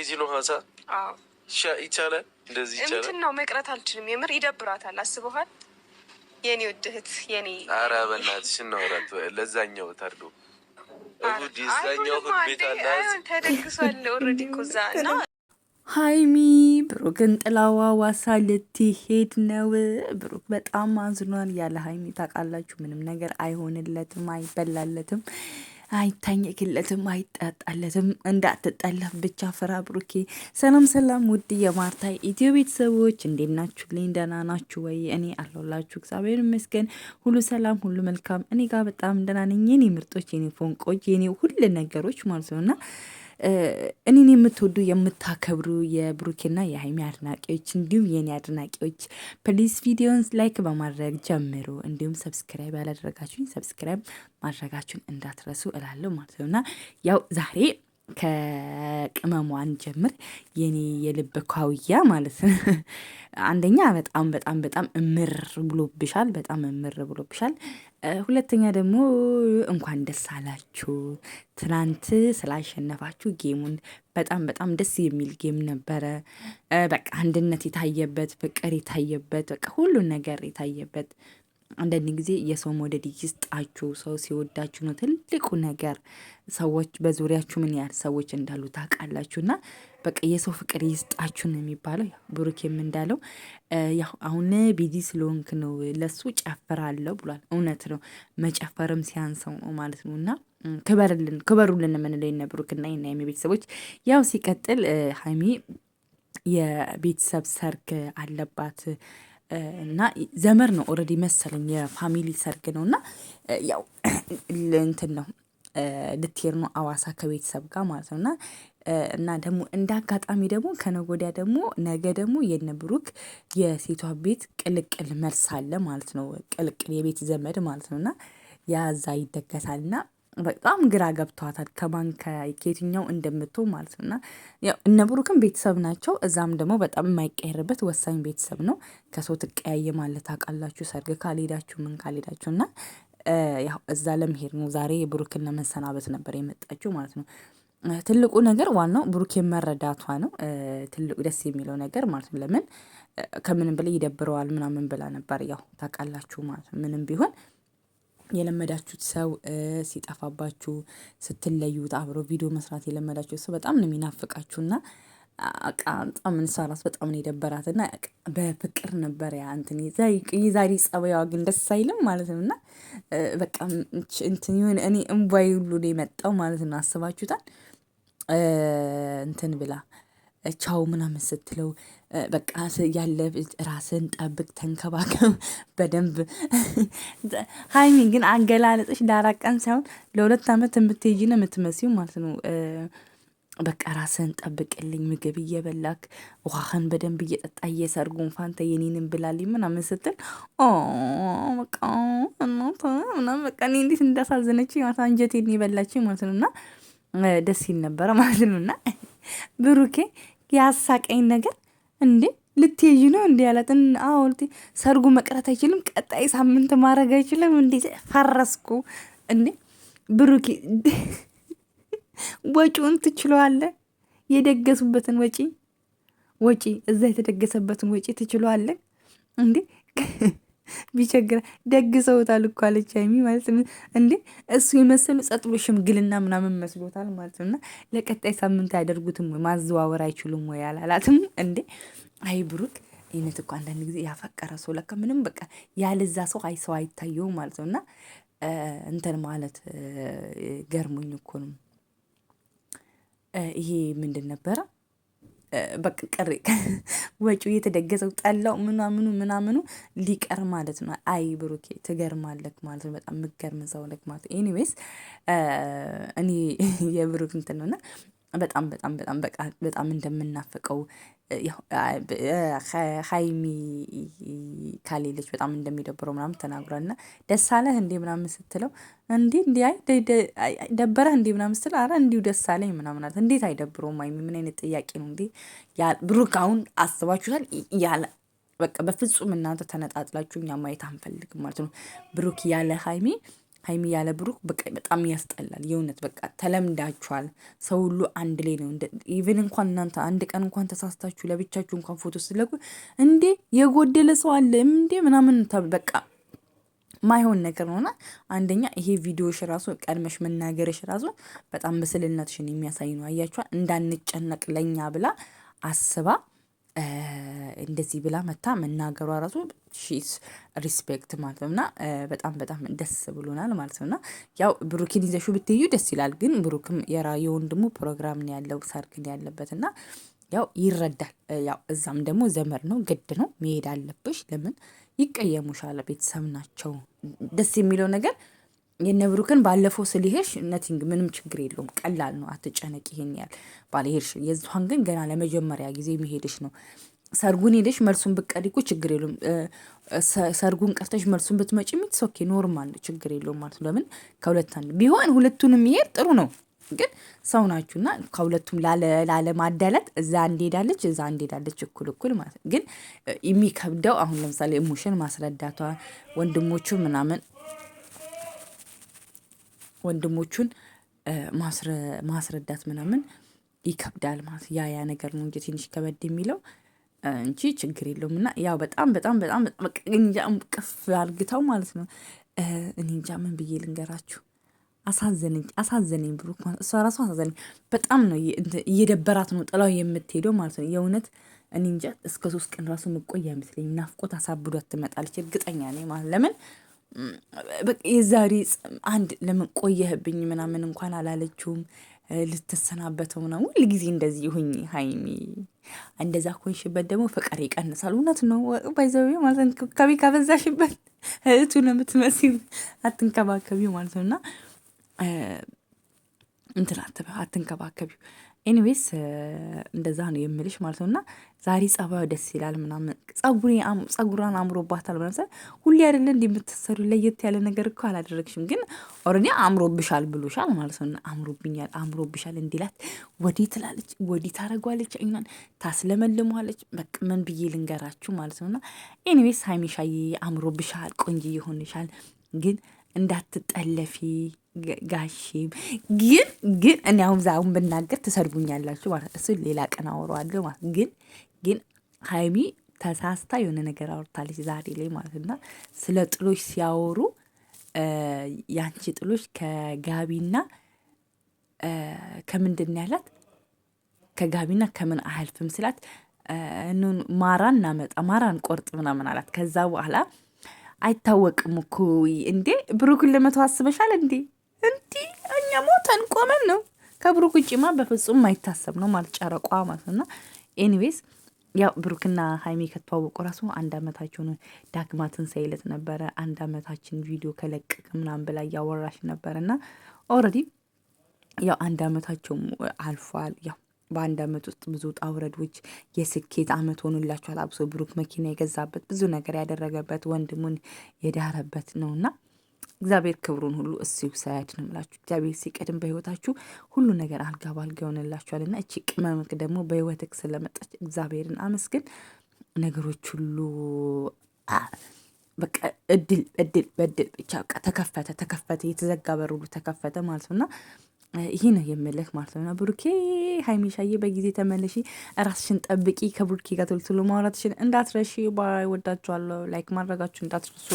ልትይዚ ነው ሀሳ ይቻላል። እንደዚህ ይቻላል። እንትን ነው መቅረት አልችልም። የምር ይደብራታል። አስበሃል? የኔ ውድ እህት የኔ ኧረ በእናትሽ እናውራት። ለዛኛው ታርዶ ሀይሚ ብሩክን ጥላዋ ዋሳ ልትሄድ ነው። ብሩክ በጣም አዝኗል። ያለ ሀይሚ ታውቃላችሁ፣ ምንም ነገር አይሆንለትም፣ አይበላለትም። አይታኘክለትም፣ አይጣጣለትም። እንዳትጠለፍ ብቻ ፍራ ብሩኬ። ሰላም ሰላም፣ ውድ የማርታ ኢትዮ ቤተሰቦች እንዴት ናችሁ? ልኝ ደህና ናችሁ ወይ? እኔ አለሁላችሁ፣ እግዚአብሔር ይመስገን፣ ሁሉ ሰላም፣ ሁሉ መልካም። እኔ ጋር በጣም ደህና ነኝ። የኔ ምርጦች፣ የኔ ፎንቆች፣ የኔ ሁሉ ነገሮች ማለት ነውና እኔን የምትወዱ የምታከብሩ የብሩኬና የሀይሚ አድናቂዎች እንዲሁም የኔ አድናቂዎች ፕሊስ ቪዲዮን ላይክ በማድረግ ጀምሩ። እንዲሁም ሰብስክራይብ ያላደረጋችሁኝ ሰብስክራይብ ማድረጋችሁን እንዳትረሱ እላለሁ ማለት ነው እና ያው ዛሬ ከቅመሟን ጀምር የኔ የልብ ኳውያ ማለት ነው። አንደኛ በጣም በጣም በጣም እምር ብሎብሻል። በጣም እምር ብሎብሻል። ሁለተኛ ደግሞ እንኳን ደስ አላችሁ። ትናንት ስላሸነፋችሁ ጌሙን በጣም በጣም ደስ የሚል ጌም ነበረ። በቃ አንድነት የታየበት፣ ፍቅር የታየበት፣ በቃ ሁሉን ነገር የታየበት አንዳንድ ጊዜ የሰው መውደድ ይስጣችሁ። ሰው ሲወዳችሁ ነው ትልቁ ነገር። ሰዎች በዙሪያችሁ ምን ያህል ሰዎች እንዳሉ ታውቃላችሁ። እና በቃ የሰው ፍቅር ይስጣችሁ ነው የሚባለው። ብሩኬም እንዳለው አሁን ቢዚ ስለሆንክ ነው ለሱ ጨፍራለሁ ብሏል። እውነት ነው፣ መጨፈርም ሲያንሰው ነው ማለት ነው እና ክበርልን ክበሩልን የምንለው እነ ብሩክና እና የሚ ቤተሰቦች ያው ሲቀጥል ሀይሚ የቤተሰብ ሰርግ አለባት እና ዘመር ነው ኦልሬዲ መሰለኝ የፋሚሊ ሰርግ ነው እና ያው እንትን ነው ልትሄድ ነው አዋሳ ከቤተሰብ ጋር ማለት ነው እና እና ደግሞ እንደ አጋጣሚ ደግሞ ከነጎዳ ደግሞ ነገ ደግሞ የነ ብሩክ የሴቷ ቤት ቅልቅል መልስ አለ ማለት ነው። ቅልቅል የቤት ዘመድ ማለት ነው እና ያዛ ይደገሳል እና በጣም ግራ ገብቷታል። ከማን ከየትኛው እንደምትው ማለት ነው። እና እነ ብሩክም ቤተሰብ ናቸው። እዛም ደግሞ በጣም የማይቀየርበት ወሳኝ ቤተሰብ ነው። ከሰው ትቀያየ ማለት ታውቃላችሁ፣ ሰርግ ካልሄዳችሁ ምን ካልሄዳችሁ እና ያው እዛ ለመሄድ ነው። ዛሬ ብሩክን ለመሰናበት ነበር የመጣችው ማለት ነው። ትልቁ ነገር ዋናው ብሩክ የመረዳቷ ነው። ትልቁ ደስ የሚለው ነገር ማለት ነው። ለምን ከምንም በላይ ይደብረዋል ምናምን ብላ ነበር። ያው ታውቃላችሁ ማለት ነው ምንም ቢሆን የለመዳችሁት ሰው ሲጠፋባችሁ ስትለዩት አብሮ ቪዲዮ መስራት የለመዳችሁት ሰው በጣም ነው የሚናፍቃችሁና በጣም እንሳራስ በጣም ነው የደበራት እና በፍቅር ነበር ያ እንትን የዛሬ ጸባይዋ ግን ደስ አይልም ማለት ነው። እና በቃ እንትን እኔ እምቧይ ሁሉ ነው የመጣው ማለት ነው። አስባችሁታል እንትን ብላ ቻው ምናምን ስትለው በቃ ያለ ራስን ጠብቅ፣ ተንከባከብ በደንብ ሀይሚ ግን አገላለጽሽ ለአራት ቀን ሳይሆን ለሁለት ዓመት የምትሄጂ ነው የምትመስዩ ማለት ነው። በቃ ራስን ጠብቅልኝ፣ ምግብ እየበላክ ውሃህን በደንብ እየጠጣ እየሰርጉን ፋንተ የኔንም ብላልኝ ምናምን ስትል በቃ ምናምን በቃ እኔ እንዴት እንዳሳዘነች አንጀቴን የበላችኝ ማለት ነው እና ደስ ይል ነበረ ማለት ነው እና ብሩኬ ያሳቀኝ ነገር እንዴ ልትይዩ ነው እንዲ ያላትን አዎ፣ ሰርጉ መቅረት አይችልም፣ ቀጣይ ሳምንት ማድረግ አይችልም። እንዲ ፈረስኩ እንዴ ብሩኬ፣ ወጪውን ትችሏለ የደገሱበትን ወጪ ወጪ እዛ የተደገሰበትን ወጪ ትችሏለ? እንዴ? ቢቸግራ ደግ ሰውታል እኮ አለች ሀይሚ ማለት ነው። እንዴ እሱ የመሰሉ ጸጥ ብሎ ሽምግልና ምናምን መስሎታል ማለት ነው። እና ለቀጣይ ሳምንት ያደርጉትም ወይ ማዘዋወር አይችሉም ወይ አላላትም እንዴ? አይ ብሩክ አይነት እኮ አንዳንድ ጊዜ ያፈቀረ ሰው ለካ ምንም በቃ ያለዛ ሰው አይ ሰው አይታየው ማለት ነው። እና እንትን ማለት ገርሞኝ እኮ ነው ይሄ ምንድን ነበረ በቃ ቀሪ ወጪው የተደገሰው ጠላው ምናምኑ ምናምኑ ሊቀር ማለት ነው። አይ ብሩኬ ትገርማለክ ማለት ነው። በጣም ምገርም ለክ ማለት ነው። ኤኒዌይስ እኔ የብሩክ እንትን ነውና በጣም በጣም በጣም በቃ በጣም እንደምናፈቀው ሀይሚ ካሌለች በጣም እንደሚደብረው ምናምን ተናግሯል። እና ደስ አለህ እንዴ ምናምን ስትለው እንዲ እንዲ ደበረህ እንዴ ምናምን ስትለው አረ እንዲሁ ደስ አለኝ ምናምን አላት። እንዴት አይደብረውም? ሀይሚ ምን አይነት ጥያቄ ነው እንዴ? ብሩክ አሁን አስባችሁታል? ያለ በቃ በፍጹም እናንተ ተነጣጥላችሁ እኛ ማየት አንፈልግም ማለት ነው ብሩክ ያለ ሀይሜ ሀይሚ ያለ ብሩክ በቃ በጣም ያስጠላል። የእውነት በቃ ተለምዳችኋል። ሰው ሁሉ አንድ ላይ ነው። ኢቨን እንኳን እናንተ አንድ ቀን እንኳን ተሳስታችሁ ለብቻችሁ እንኳን ፎቶ ስለጉ እንዴ የጎደለ ሰው አለ እንዴ ምናምን በቃ ማይሆን ነገር ነውና፣ አንደኛ ይሄ ቪዲዮሽ ራሱ ቀድመሽ መናገርሽ ራሱ በጣም ምስልነትሽን የሚያሳይ ነው። አያችኋል፣ እንዳንጨነቅ ለኛ ብላ አስባ እንደዚህ ብላ መታ መናገሯ ራሱ ሺስ ሪስፔክት ማለት ነው። እና በጣም በጣም ደስ ብሎናል ማለት ነው። እና ያው ብሩክን ይዘሹ ብትዩ ደስ ይላል። ግን ብሩክም የራ የወንድሙ ፕሮግራም ነው ያለው ሰርግን ያለበት እና ያው ይረዳል። ያው እዛም ደግሞ ዘመድ ነው፣ ግድ ነው መሄድ አለብሽ። ለምን ይቀየሙሻል፣ ቤተሰብ ናቸው። ደስ የሚለው ነገር የነ ብሩክን ባለፈው ስሊሄሽ ነቲንግ ምንም ችግር የለውም፣ ቀላል ነው፣ አትጨነቅ። ይሄን ያህል ባልሄድሽ፣ የእሷን ግን ገና ለመጀመሪያ ጊዜ መሄድሽ ነው። ሰርጉን ሄደሽ መልሱን ብትቀሪ ችግር የለውም። ሰርጉን ቀርተሽ መልሱን ብትመጪ ሚትስ ኦኬ ኖርማል ችግር የለውም ማለት ነው። ለምን ከሁለት አንድ ቢሆን ሁለቱንም ይሄድ ጥሩ ነው። ግን ሰው ናችሁና ከሁለቱም ላለማዳላት እዛ እንሄዳለች እዛ እንሄዳለች እኩል እኩል ማለት ነው። ግን የሚከብደው አሁን ለምሳሌ ኢሞሽን ማስረዳቷ ወንድሞቹ ምናምን ወንድሞቹን ማስረዳት ምናምን ይከብዳል ማለት ያ ያ ነገር ነው እንጂ ትንሽ ከበድ የሚለው እንቺ ችግር የለውም። እና ያው በጣም በጣም በጣም በጣም ቅፍ አልግተው ማለት ነው። እኔ እንጃ ምን ብዬ ልንገራችሁ። አሳዘነኝ አሳዘነኝ ብሩክ እሷ ራሱ አሳዘነኝ። በጣም ነው እየደበራት ነው ጥላው የምትሄደው ማለት ነው። የእውነት እኔ እንጃ እስከ ሶስት ቀን ራሱ መቆያ አይመስለኝ። ናፍቆት አሳብዷት ትመጣለች እርግጠኛ ነኝ ማለት ለምን የዛሬ አንድ ለምን ቆየህብኝ ምናምን እንኳን አላለችውም። ልትሰናበተው ምናምን ሁል ጊዜ እንደዚህ ሁኝ ሀይሚ፣ እንደዛ ኮንሽበት ደግሞ ፍቅር ይቀንሳል። እውነት ነው ባይዘዊ ማለት ከቤ ካበዛሽበት እህቱ ነው የምትመስል አትንከባከቢው ማለት ነው እና እንትን አትንከባከቢው ኤኒዌይስ እንደዛ ነው የምልሽ ማለት ነው። እና ዛሬ ጸባዩ ደስ ይላል ምናምን ጸጉሯን አምሮባታል ምናምን ሁሌ አይደለ እንዲህ የምትሰሩ ለየት ያለ ነገር እኮ አላደረግሽም፣ ግን ኦልሬዲ አምሮብሻል ብሎሻል ማለት ነው። አምሮብኛል አምሮብሻል እንዲላት ወዲህ ትላለች፣ ወዲህ ታረጓለች፣ አይኗን ታስለመልመዋለች። በቃ ምን ብዬ ልንገራችሁ ማለት ነው። እና ኤኒዌይስ ሀይሚሻዬ አምሮብሻል፣ ቆንጆ ይሆንሻል፣ ግን እንዳትጠለፊ ጋሼም ግን ግን እኔ አሁን ዛሁን ብናገር ትሰድቡኛላችሁ ማለት እሱ ሌላ ቀን አወራዋለሁ ማለት ግን ግን ሀይሚ ተሳስታ የሆነ ነገር አውርታለች ዛሬ ላይ ማለት እና ስለ ጥሎች ሲያወሩ ያንቺ ጥሎች ከጋቢና ከምንድን ያላት ከጋቢና ከምን አያልፍም ስላት ማራ እናመጣ ማራን ቆርጥ ምናምን አላት። ከዛ በኋላ አይታወቅም እኮ እንዴ ብሩክን ለመተው አስበሻል እንዴ? እንዲህ እኛ ሞተን ቆመን ነው። ከብሩክ ውጭማ በፍጹም ማይታሰብ ነው ማለት ጨረቋ ማለት ነው። ኤኒዌይስ ያው ብሩክና ሀይሚ ከተዋወቁ ራሱ አንድ አመታችን ዳግማትን ዳግማ ዕለት ነበረ አንድ አመታችን ቪዲዮ ከለቀቅ ምናምን ብላ እያወራሽ ነበረ እና ኦልሬዲ ያው አንድ አመታቸው አልፏል። ያው በአንድ አመት ውስጥ ብዙ ውጣ ውረዶች የስኬት አመት ሆኖላቸዋል። አብሶ ብሩክ መኪና የገዛበት ብዙ ነገር ያደረገበት ወንድሙን የዳረበት ነውና እግዚአብሔር ክብሩን ሁሉ እሱ ይውሰድ ነው የምላችሁ። እግዚአብሔር ሲቀድም በህይወታችሁ ሁሉ ነገር አልጋ ባልጋ ይሆንላችኋል። እና እቺ ቅመምክ ደግሞ በህይወትክ ስለመጣች እግዚአብሔርን አመስግን። ነገሮች ሁሉ በቃ እድል እድል በድል ብቻ በቃ ተከፈተ ተከፈተ፣ የተዘጋ በር ሁሉ ተከፈተ ማለት ነው እና ይሄ ነው የምልህ ማለት ነው። ብሩኬ ሀይሚሻዬ በጊዜ ተመለሺ፣ ራስሽን ጠብቂ። ከብሩኬ ጋር ቶሎ ቶሎ ማውራትሽን እንዳትረሺ። ባይ ወዳችኋለሁ። ላይክ ማድረጋችሁ እንዳትረሱ።